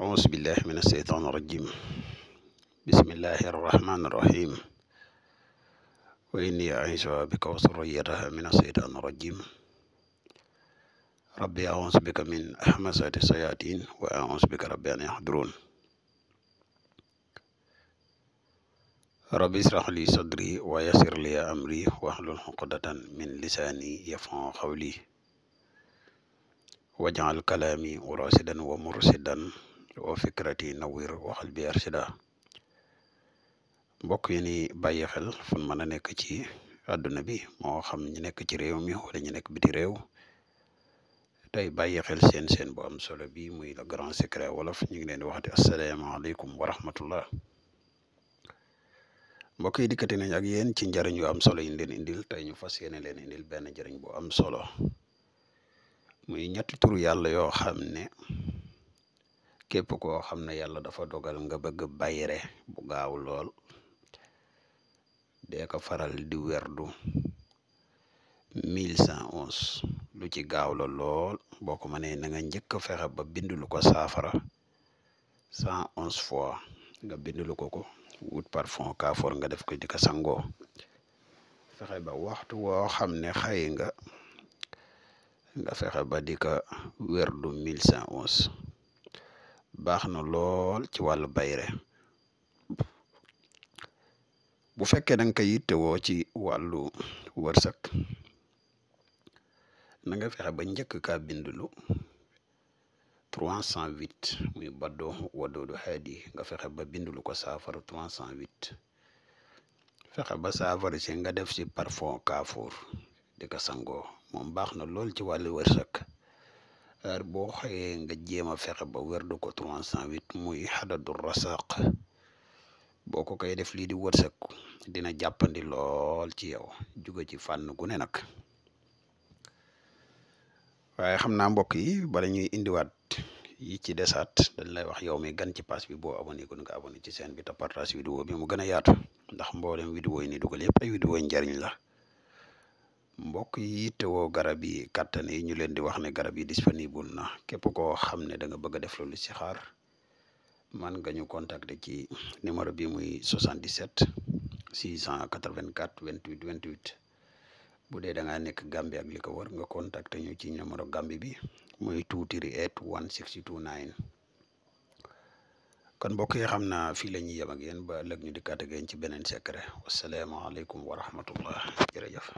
أعوذ بالله من الشيطان الرجيم بسم الله الرحمن الرحيم وإني أعيش بك وسريتها من الشيطان الرجيم ربي أعوذ بك من همزات الشياطين وأعوذ بك ربي أن يحضرون ربي اشرح لي صدري ويسر لي أمري واحلل عقدة من لساني يفهم قولي واجعل كلامي راشدا ومرشدا wa fikrati nawir waxal bi arshida mbokk yi ni bàyyi xel fun mën a nekk ci àdduna bi moo xam ñu nekk ci réew mi wala ñu nekk biti réew tey bàyyi seen seen bu am solo bi muy le grand secret wolof ñu ngi leen di wax di asalaamaaleykum wa rahmatullah mbok yi dikkati nañ ak yéen ci njariñ yo am solo yi leen indil tey ñu fas yéene leen indil benn njariñ bu am solo muy ñetti turu yàlla yoo xam ne képp koo xam ne yàlla dafa dogal nga bëgg bayre bu gaaw lool dee ko faral di werdu mille cent onze lu ci gaaw la lool boo ko mënee na nga njëkk fexe ba bind ko saafara cent onze fois nga bind ko ko wut parfum kaafoor nga def ko dika ko sangoo fexe ba waxtu woo xam ne xëy nga nga fexe ba di ko werdu mille cent onze baax na lool ci wàllu bayre bu fekkee da nga koy yittewoo ci wàllu wërsëg na nga fexe ba njëkk ka bindlu trois cent huit muy baddoo wadoodu xeet yi nga fexe ba bindlu ko saafara trois cent huit fexe ba saafara se nga def si ka kaafuur di ko sangoo moom baax na lool ci wàllu wërsëg heure bo xëyee nga jema a fexe ba werdu ko 308 muy hadadur rasaq boko kay def li di wërsëg dina jappandi lol ci yow juga ci fànn gu ne nak waye xamna naa mbokk yi bala ñuy wat yi ci desaat dañ lay wax yow mi gan ci pass bi bo abonné ko nga abonné ci chaîne bi ta partage vidéo bi mu gëna yaatu ndax mboolem vidéo yi ni dugal yépp ay vidéo njariñ la mbokk yi wo garab yi kattan yi ñu leen di wax ne garab yi disponible na képp koo xam ne da nga bëgg def loolu si xaar man nga ñu contacter ci numéro bi muy 77 684 28 28 bu dee da ngaa nekk Gambie ak li ko war nga contacter ñu ci numéro Gambie bi muy 238 1629 kon mbokk yi xam naa fii la ñuy yem ak yéen ba lëg ñu di ak ci beneen secret wasalaamaaleykum wa rahmatullah jërëjëf